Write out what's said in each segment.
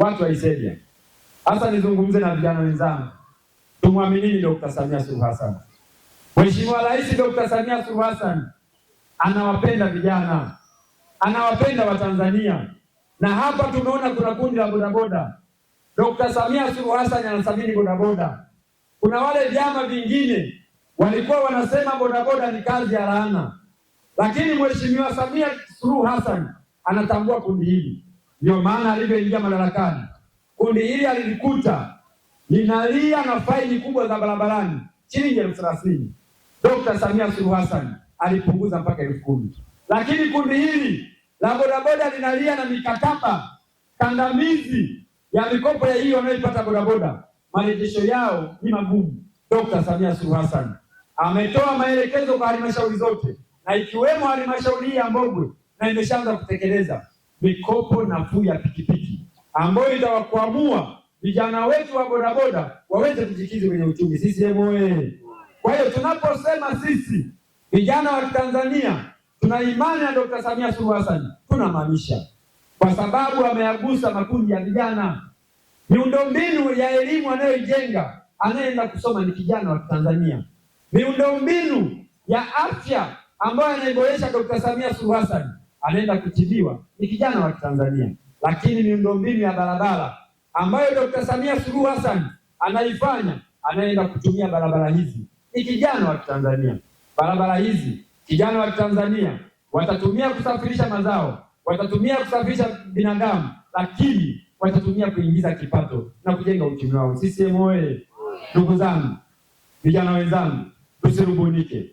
watu wa Isebia. Hasa nizungumze na vijana wenzangu, tumwaminini Dr. Samia Suluhu Hassan. Mheshimiwa Rais Dr. Samia Suluhu Hassan anawapenda vijana, anawapenda Watanzania, na hapa tumeona kuna kundi la bodaboda. Dr. Samia Suluhu Hassan anathamini bodaboda. Kuna wale vyama vingine walikuwa wanasema bodaboda ni kazi ya laana, lakini Mheshimiwa Samia Suluhu Hassan anatambua kundi hili Ndiyo maana alivyoingia madarakani, kundi hili alilikuta linalia na faili kubwa za barabarani shilingi elfu thelathini. Dr. Samia Suluhu Hassan alipunguza mpaka elfu kumi, lakini kundi hili la bodaboda linalia na mikataba kandamizi ya mikopo ya hiyo wanayoipata bodaboda, marejesho yao ni magumu. Dr. Samia Suluhu Hassan ametoa maelekezo kwa halmashauri zote na ikiwemo halmashauri hii ya Mbogwe na imeshaanza kutekeleza mikopo nafuu ya pikipiki ambayo itawakwamua vijana wetu wa bodaboda waweze kujikizi kwenye uchumi. CCM oyee! Kwa hiyo tunaposema sisi vijana wa Tanzania tuna imani na Dr. Samia Suluhu Hassan tunamaanisha, kwa sababu ameyagusa makundi ya vijana. Miundombinu ya elimu anayoijenga anayeenda kusoma ni kijana wa Tanzania. Miundombinu ya afya ambayo anaiboresha Dr. Samia Suluhu Hassan anaenda kutibiwa ni kijana wa Kitanzania. Lakini miundombinu ya barabara ambayo Dr. Samia Suluhu Hassan anaifanya, anaenda kutumia barabara hizi ni kijana wa Kitanzania. Barabara hizi kijana wa Kitanzania watatumia kusafirisha mazao, watatumia kusafirisha binadamu, lakini watatumia kuingiza kipato na kujenga uchumi wao. CCM oyee! Ndugu zangu, vijana wenzangu, tusirubunike,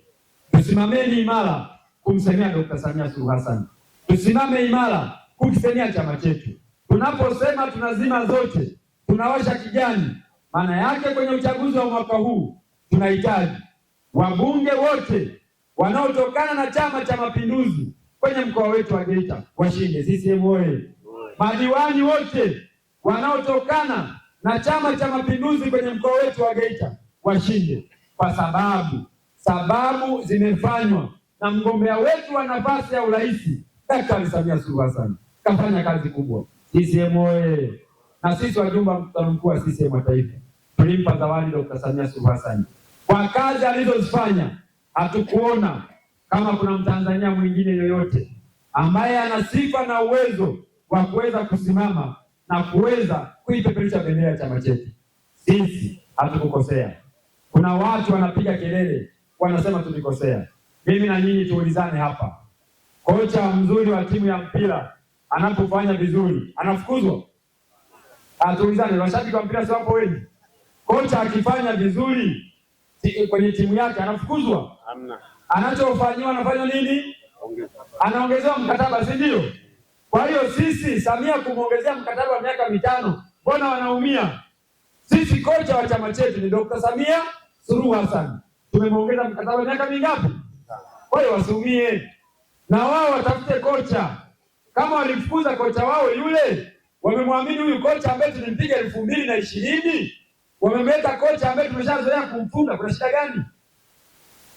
tusimameni imara kumsemea Dr. Samia Suluhu Hassan. Tusimame imara kukisaidia chama chetu. Tunaposema tunazima zote, tunawasha kijani, maana yake kwenye uchaguzi wa mwaka huu tunahitaji wabunge wote wanaotokana na Chama cha Mapinduzi kwenye mkoa wetu wa Geita washinde. CCM oyee! Madiwani wote wanaotokana na Chama cha Mapinduzi kwenye mkoa wetu wa Geita washinde, kwa sababu sababu zimefanywa na mgombea wetu wa nafasi ya urais Daktari Samia Suluhu Hassan kafanya kazi kubwa. CCM oye! Na sisi wajumbe wa mkutano mkuu wa CCM wa taifa tulimpa zawadi Dkt. Samia Suluhu Hassan kwa kazi alizozifanya. Hatukuona kama kuna mtanzania mwingine yoyote ambaye ana sifa na uwezo wa kuweza kusimama na kuweza kuipeperusha bendera ya chama chetu. Sisi hatukukosea. Kuna watu wanapiga kelele wanasema tulikosea. Mimi na nyinyi tuulizane hapa kocha mzuri wa timu ya mpira anapofanya vizuri anafukuzwa? Atuulizane, ah, washabiki wa mpira si wapo wengi? Kocha akifanya vizuri kwenye timu yake anafukuzwa? Anachofanyiwa anafanya nini? Anaongezewa mkataba, si ndio? Kwa hiyo sisi Samia kumwongezea mkataba wa miaka mitano, mbona wanaumia? Sisi kocha wa chama chetu ni Dr. Samia Suluhu Hassan, tumemwongeza mkataba wa miaka mingapi? Kwa hiyo wasiumie na wao watafute kocha. Kama walimfukuza kocha wao yule, wamemwamini huyu kocha ambaye tulimpiga elfu mbili na ishirini, wamemleta kocha ambaye tumeshazoea kumfunga, kuna shida gani?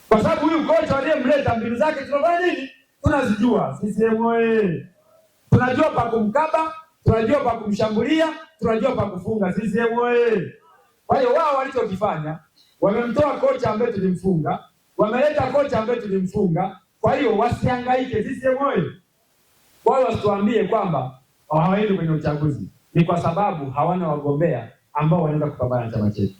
Kwa sababu huyu kocha waliyemleta mbinu zake tunafanya nini? Tunazijua sisi tunajua pa kumkaba, tunajua pa kumshambulia, tunajua pa kufunga sisi mwe. Kwa hiyo wao walichokifanya, wamemtoa kocha ambaye tulimfunga, wameleta kocha ambaye tulimfunga kwa hiyo wasihangaike, sisiemoyo wao wasituambie kwamba hawaendi kwenye uchaguzi, ni kwa sababu hawana wagombea ambao wanaweza kupambana na chama chetu.